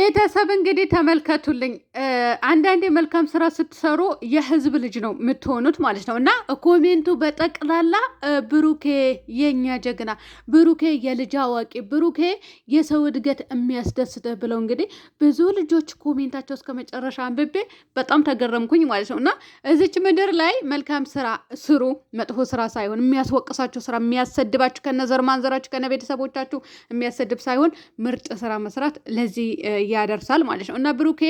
ቤተሰብ እንግዲህ ተመልከቱልኝ። አንዳንድ የመልካም ስራ ስትሰሩ የህዝብ ልጅ ነው የምትሆኑት ማለት ነው። እና ኮሜንቱ በጠቅላላ ብሩኬ የኛ ጀግና፣ ብሩኬ የልጅ አዋቂ፣ ብሩኬ የሰው እድገት የሚያስደስትህ ብለው እንግዲህ ብዙ ልጆች ኮሜንታቸው እስከ መጨረሻ አንብቤ በጣም ተገረምኩኝ ማለት ነው። እና እዚች ምድር ላይ መልካም ስራ ስሩ፣ መጥፎ ስራ ሳይሆን የሚያስወቅሳችሁ ስራ፣ የሚያሰድባችሁ ከነዘር ዘር ማንዘራችሁ ከነ ቤተሰቦቻችሁ የሚያሰድብ ሳይሆን ምርጥ ስራ መስራት ለዚህ ያደርሳል ማለት ነው። እና ብሩኬ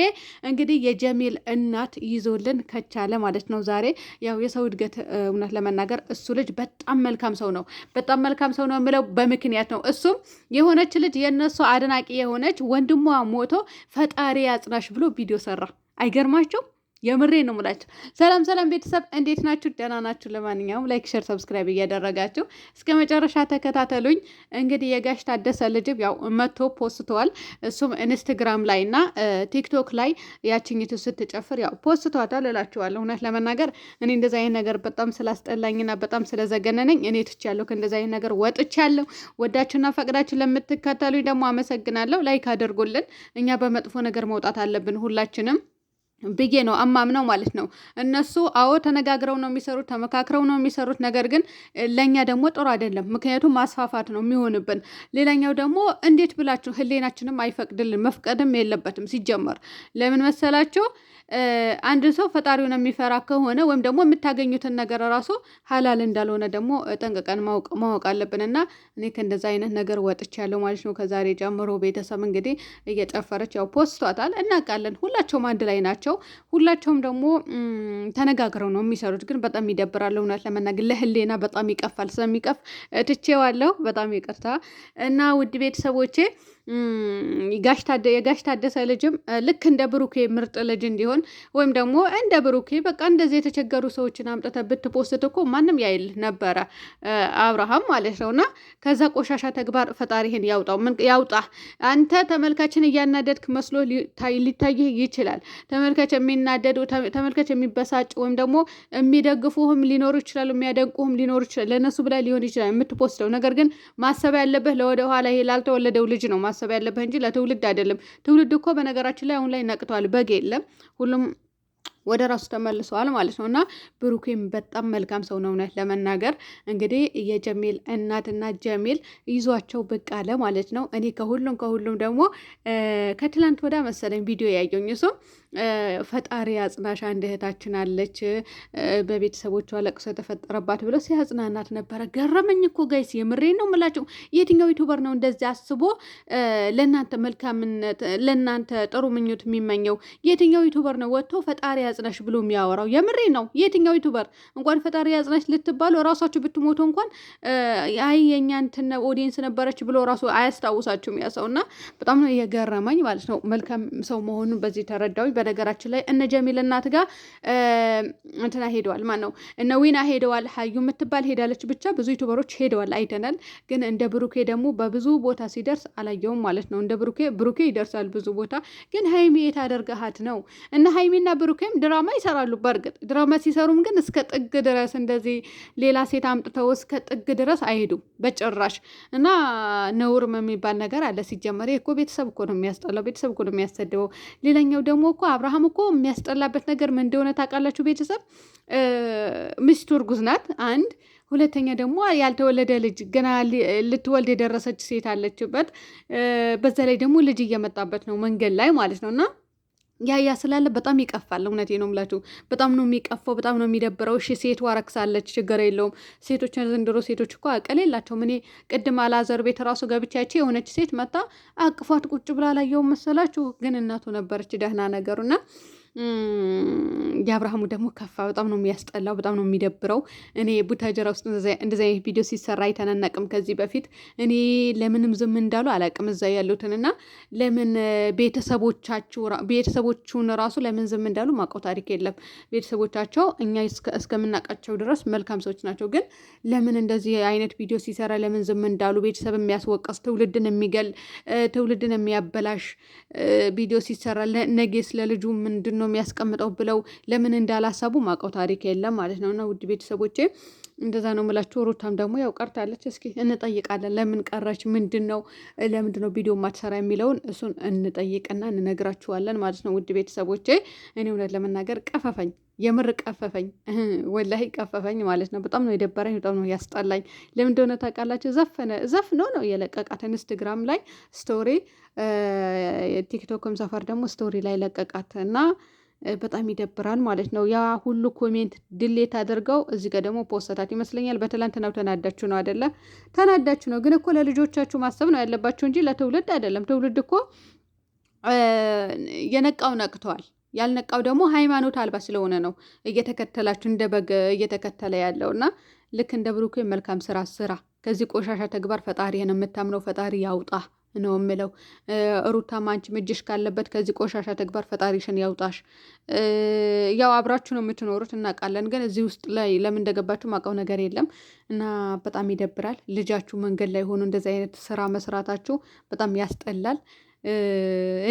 እንግዲህ የጀሚል እናት ይዞልን ከቻለ ማለት ነው ዛሬ ያው የሰው እድገት እውነት ለመናገር እሱ ልጅ በጣም መልካም ሰው ነው። በጣም መልካም ሰው ነው የምለው በምክንያት ነው። እሱም የሆነች ልጅ የእነሱ አድናቂ የሆነች ወንድሟ ሞቶ ፈጣሪ ያጽናሽ ብሎ ቪዲዮ ሰራ። አይገርማቸው የምሬ ነው ሙላችሁ። ሰላም ሰላም ቤተሰብ እንዴት ናችሁ? ደህና ናችሁ? ለማንኛውም ላይክ፣ ሸር፣ ሰብስክራይብ እያደረጋችሁ እስከ መጨረሻ ተከታተሉኝ። እንግዲህ የጋሽ ታደሰ ልጅብ ያው መቶ ፖስተዋል። እሱም ኢንስትግራም ላይ እና ቲክቶክ ላይ ያችኝቱ ስትጨፍር ያው ፖስተዋታል እላችኋለሁ። እውነት ለመናገር እኔ እንደዚ አይነት ነገር በጣም ስላስጠላኝና በጣም ስለዘገነነኝ እኔ ትቻለሁ፣ ከእንደዚ አይነት ነገር ወጥቻለሁ። ወዳችሁና ፈቅዳችሁ ለምትከተሉኝ ደግሞ አመሰግናለሁ። ላይክ አድርጉልን። እኛ በመጥፎ ነገር መውጣት አለብን ሁላችንም ብዬ ነው አማምነው ማለት ነው። እነሱ አዎ ተነጋግረው ነው የሚሰሩት፣ ተመካክረው ነው የሚሰሩት። ነገር ግን ለእኛ ደግሞ ጥሩ አይደለም፣ ምክንያቱም ማስፋፋት ነው የሚሆንብን። ሌላኛው ደግሞ እንዴት ብላችሁ ህሌናችንም አይፈቅድልን፣ መፍቀድም የለበትም ሲጀመር ለምን መሰላችሁ? አንድ ሰው ፈጣሪውን የሚፈራ ከሆነ ወይም ደግሞ የምታገኙትን ነገር ራሱ ሀላል እንዳልሆነ ደግሞ ጠንቅቀን ማወቅ አለብን እና እኔ ከእንደዛ አይነት ነገር ወጥች ያለው ማለት ነው። ከዛሬ ጀምሮ ቤተሰብ እንግዲህ እየጨፈረች ያው ፖስቷታል፣ እናውቃለን። ሁላቸውም አንድ ላይ ናቸው። ሁላቸውም ደግሞ ተነጋግረው ነው የሚሰሩት። ግን በጣም ይደብራል። እውነት ለመናገር ለህሌና በጣም ይቀፋል። ስለሚቀፍ ትቼዋለሁ። በጣም ይቅርታ እና ውድ ቤተሰቦቼ የጋሽ ታደሰ ልጅም ልክ እንደ ብሩኬ ምርጥ ልጅ እንዲሆን ወይም ደግሞ እንደ ብሩኬ በቃ እንደዚህ የተቸገሩ ሰዎችን አምጥተ ብትፖስት እኮ ማንም ያይል ነበረ አብርሃም ማለት ነው። እና ከዛ ቆሻሻ ተግባር ፈጣሪህን ያውጣው ያውጣ። አንተ ተመልካችን እያናደድክ መስሎ ሊታይህ ይችላል። ተመልካች የሚናደዱ ተመልካች የሚበሳጭ ወይም ደግሞ የሚደግፉህም ሊኖሩ ይችላሉ፣ የሚያደንቁህም ሊኖሩ ይችላል። ለእነሱ ብላ ሊሆን ይችላል የምትፖስተው ነገር ግን ማሰብ ያለብህ ለወደኋላ ይሄ ላልተወለደው ልጅ ነው። ማሰብ ያለብህ እንጂ ለትውልድ አይደለም። ትውልድ እኮ በነገራችን ላይ አሁን ላይ ነቅተዋል። በግ የለም ሁሉም ወደ ራሱ ተመልሰዋል ማለት ነው። እና ብሩኬም በጣም መልካም ሰው ነው። እውነት ለመናገር እንግዲህ የጀሜል እናትና ጀሜል ይዟቸው ብቅ አለ ማለት ነው። እኔ ከሁሉም ከሁሉም ደግሞ ከትላንት ወዳ መሰለኝ ቪዲዮ ያየኝ እሱም ፈጣሪ አጽናሽ አንድ እህታችን አለች በቤተሰቦቿ ለቅሶ የተፈጠረባት ብሎ ሲያጽናናት ነበረ። ገረመኝ እኮ ጋይስ፣ የምሬ ነው ምላቸው። የትኛው ዩቱበር ነው እንደዚህ አስቦ ለእናንተ መልካምነት ለእናንተ ጥሩ ምኞት የሚመኘው? የትኛው ዩቱበር ነው ወጥቶ ፈጣሪ አጽናሽ ብሎ የሚያወራው? የምሬ ነው። የትኛው ዩቱበር እንኳን ፈጣሪ አጽናሽ ልትባሉ ራሳችሁ ብትሞቱ እንኳን አይ የእኛ እንትን ኦዲየንስ ነበረች ብሎ ራሱ አያስታውሳችሁም ያ ሰው እና በጣም ነው የገረመኝ ማለት ነው። መልካም ሰው መሆኑን በዚህ ተረዳው። በነገራችን ላይ እነ ጀሚል እናት ጋር እንትና ሄደዋል። ማን ነው እነ ዊና ሄደዋል። ሀዩ የምትባል ሄዳለች። ብቻ ብዙ ዩቱበሮች ሄደዋል አይተናል። ግን እንደ ብሩኬ ደግሞ በብዙ ቦታ ሲደርስ አላየውም ማለት ነው። እንደ ብሩኬ ብሩኬ ይደርሳል ብዙ ቦታ፣ ግን ሀይሚ የታደርገሃት ነው። እና ሀይሚና ብሩኬም ድራማ ይሰራሉ። በእርግጥ ድራማ ሲሰሩም ግን እስከ ጥግ ድረስ እንደዚህ ሌላ ሴት አምጥተው እስከ ጥግ ድረስ አይሄዱም በጭራሽ። እና ነውርም የሚባል ነገር አለ። ሲጀመር እኮ ቤተሰብ እኮ ነው የሚያስጠላው፣ ቤተሰብ እኮ ነው የሚያሰድበው። ሌላኛው ደግሞ እኮ አብርሃም እኮ የሚያስጠላበት ነገር ምን እንደሆነ ታውቃላችሁ? ቤተሰብ ሚስቱ እርጉዝ ናት። አንድ ሁለተኛ ደግሞ ያልተወለደ ልጅ ገና ልትወልድ የደረሰች ሴት አለችበት። በዛ ላይ ደግሞ ልጅ እየመጣበት ነው መንገድ ላይ ማለት ነው እና ያ ያ ስላለ በጣም ይቀፋል። እውነቴ ነው የምላችሁ፣ በጣም ነው የሚቀፋው፣ በጣም ነው የሚደብረው። እሺ ሴቱ አረክሳለች፣ ችግር የለውም። ሴቶች ዘንድሮ ሴቶች እኮ አቅል የላቸውም። እኔ ቅድም አላዘር ቤት ራሱ ገብቻቸው የሆነች ሴት መጣ አቅፏት ቁጭ ብላ ላየው መሰላችሁ፣ ግን እናቱ ነበረች። ደህና ነገሩና የአብርሃሙ ደግሞ ከፋ። በጣም ነው የሚያስጠላው፣ በጣም ነው የሚደብረው። እኔ ቡታጀራ ውስጥ እንደዚህ አይነት ቪዲዮ ሲሰራ አይተናናቅም ከዚህ በፊት እኔ ለምንም ዝም እንዳሉ አላቅም እዛ ያሉትንና ለምን ቤተሰቦቹን ራሱ ለምን ዝም እንዳሉ ማውቀው ታሪክ የለም። ቤተሰቦቻቸው እኛ እስከምናውቃቸው ድረስ መልካም ሰዎች ናቸው። ግን ለምን እንደዚህ አይነት ቪዲዮ ሲሰራ ለምን ዝም እንዳሉ ቤተሰብ የሚያስወቀስ ትውልድን የሚገል ትውልድን የሚያበላሽ ቪዲዮ ሲሰራ ነጌ ስለልጁ ምንድ ምንድን ነው ነው የሚያስቀምጠው ብለው ለምን እንዳላሰቡ ማቀው ታሪክ የለም ማለት ነው። እና ውድ ቤተሰቦቼ እንደዛ ነው የምላችሁ። ሩታም ደግሞ ያው ቀርታለች። እስኪ እንጠይቃለን። ለምን ቀረች? ምንድን ነው ለምንድን ነው ቪዲዮ ማትሰራ የሚለውን እሱን እንጠይቅና እንነግራችኋለን ማለት ነው። ውድ ቤተሰቦቼ እኔ እውነት ለመናገር ቀፈፈኝ፣ የምር ቀፈፈኝ፣ ወላሂ ቀፈፈኝ ማለት ነው። በጣም ነው የደበረኝ፣ በጣም ነው ያስጠላኝ። ለምን እንደሆነ ታውቃላችሁ? ዘፈነ ዘፍኖ ነው የለቀቃት ኢንስትግራም ላይ ስቶሪ፣ ቲክቶክም ሰፈር ደግሞ ስቶሪ ላይ ለቀቃት እና በጣም ይደብራል ማለት ነው። ያ ሁሉ ኮሜንት ድሌት አድርገው እዚህ ጋር ደግሞ ፖስተታት ይመስለኛል። በትላንትናው ተናዳችሁ ነው አደለ? ተናዳችሁ ነው ግን እኮ ለልጆቻችሁ ማሰብ ነው ያለባችሁ እንጂ ለትውልድ አይደለም። ትውልድ እኮ የነቃው ነቅተዋል። ያልነቃው ደግሞ ሃይማኖት አልባ ስለሆነ ነው እየተከተላችሁ እንደ በግ እየተከተለ ያለው እና ልክ እንደ ብሩኬ መልካም ስራ ስራ። ከዚህ ቆሻሻ ተግባር ፈጣሪህን የምታምነው ፈጣሪ ያውጣ። ነው የምለው። ሩታም አንቺም እጅሽ ካለበት ከዚህ ቆሻሻ ተግባር ፈጣሪሽን ያውጣሽ። ያው አብራችሁ ነው የምትኖሩት እናውቃለን፣ ግን እዚህ ውስጥ ላይ ለምን እንደገባችሁ ማውቀው ነገር የለም እና በጣም ይደብራል። ልጃችሁ መንገድ ላይ ሆኖ እንደዚህ አይነት ስራ መስራታችሁ በጣም ያስጠላል።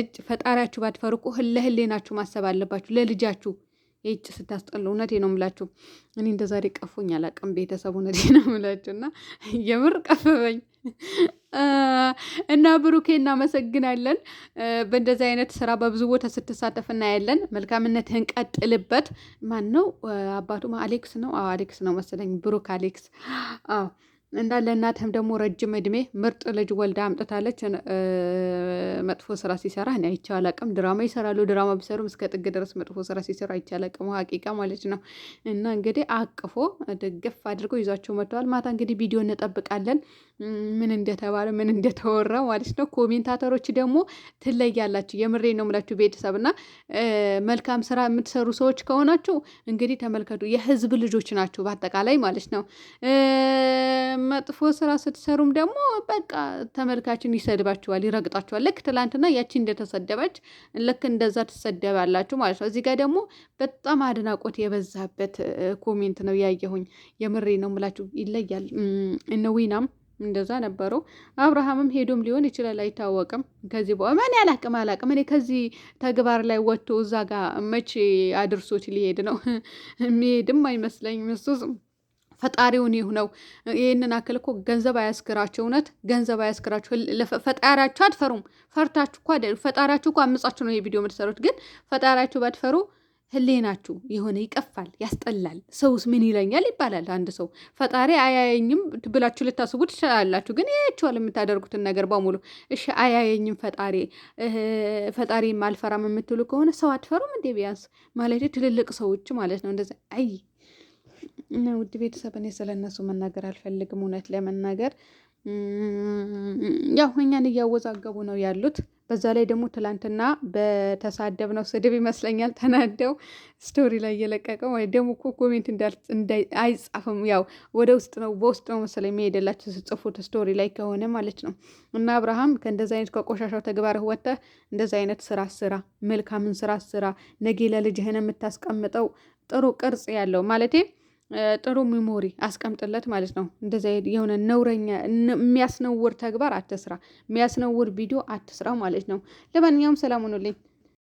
እጅ ፈጣሪያችሁ ባትፈርቁ ለህሌናችሁ ማሰብ አለባችሁ ለልጃችሁ ይህች ስታስጠሉ እውነቴ ነው የምላችሁ። እኔ እንደ ዛሬ ቀፎኝ አላቅም ቤተሰብ፣ እውነቴ ነው ምላችሁ እና የምር ቀፈበኝ እና ብሩኬ እናመሰግናለን። በእንደዚህ አይነት ስራ በብዙ ቦታ ስትሳተፍ እናያለን። መልካምነትህን ቀጥልበት። ማን ነው አባቱ? አሌክስ ነው አሌክስ ነው መሰለኝ ብሩክ አሌክስ እና ለእናትህም ደግሞ ረጅም እድሜ ምርጥ ልጅ ወልዳ አምጥታለች። መጥፎ ስራ ሲሰራ እኔ አይቼ አላቅም። ድራማ ይሰራሉ። ድራማ ቢሰሩም እስከ ጥግ ድረስ መጥፎ ስራ ሲሰሩ አይቼ አላቅም። ሀቂቃ ማለት ነው። እና እንግዲህ አቅፎ ደገፍ አድርገው ይዟቸው መጥተዋል። ማታ እንግዲህ ቪዲዮ እንጠብቃለን፣ ምን እንደተባለ ምን እንደተወራ ማለት ነው። ኮሜንታተሮች ደግሞ ትለያላችሁ። የምሬ ነው የምላችሁ ቤተሰብ እና መልካም ስራ የምትሰሩ ሰዎች ከሆናችሁ እንግዲህ ተመልከቱ። የህዝብ ልጆች ናችሁ በአጠቃላይ ማለት ነው። መጥፎ ስራ ስትሰሩም ደግሞ በቃ ተመልካችን ይሰድባችኋል፣ ይረግጣችኋል። ልክ ትላንትና ያቺ እንደተሰደበች ልክ እንደዛ ትሰደባላችሁ ማለት ነው። እዚህ ጋር ደግሞ በጣም አድናቆት የበዛበት ኮሜንት ነው ያየሁኝ። የምሬ ነው ምላችሁ ይለያል። እነዊናም እንደዛ ነበሩ። አብርሃምም ሄዶም ሊሆን ይችላል አይታወቅም። ከዚህ በኋላ እኔ አላቅም አላቅም። እኔ ከዚህ ተግባር ላይ ወጥቶ እዛ ጋር መቼ አድርሶች ሊሄድ ነው? የሚሄድም አይመስለኝም እሱ ፈጣሪውን ነው። ይህንን አክል እኮ ገንዘብ አያስክራቸው፣ እውነት ገንዘብ አያስክራቸው። ፈጣሪያቸው አትፈሩም። ፈርታችሁ እኮ አይደለም ፈጣሪያችሁ እኮ አምጻችሁ ነው የቪዲዮ የምትሰሩት። ግን ፈጣሪያችሁ ባትፈሩ ህሌናችሁ የሆነ ይቀፋል፣ ያስጠላል። ሰውስ ምን ይለኛል ይባላል። አንድ ሰው ፈጣሪ አያየኝም ብላችሁ ልታስቡ ትችላላችሁ። ግን ያያችኋል የምታደርጉትን ነገር በሙሉ። እሺ አያየኝም ፈጣሪ ፈጣሪ አልፈራም የምትሉ ከሆነ ሰው አትፈሩም እንዴ? ቢያንስ ማለት ትልልቅ ሰዎች ማለት ነው እንደዚ አይ ውድ ቤተሰብ እኔ ስለነሱ መናገር አልፈልግም። እውነት ለመናገር ያው እኛን እያወዛገቡ ነው ያሉት። በዛ ላይ ደግሞ ትላንትና በተሳደብ ነው ስድብ ይመስለኛል ተናደው ስቶሪ ላይ እየለቀቀ ወይ ደግሞ እኮ ኮሜንት አይጻፍም። ያው ወደ ውስጥ ነው በውስጥ ነው መሰለኝ የሚሄደላቸው ስጽፉት ስቶሪ ላይ ከሆነ ማለት ነው። እና አብርሃም ከእንደዚ አይነት ከቆሻሻው ተግባርህ ወጥተህ እንደዚ አይነት ስራ ስራ፣ መልካምን ስራ ስራ። ነጌ ለልጅህን የምታስቀምጠው ጥሩ ቅርጽ ያለው ማለቴ ጥሩ ሚሞሪ አስቀምጥለት ማለት ነው። እንደዚ የሆነ ነውረኛ የሚያስነውር ተግባር አትስራ፣ የሚያስነውር ቪዲዮ አትስራ ማለት ነው። ለማንኛውም ሰላም ሁኑልኝ።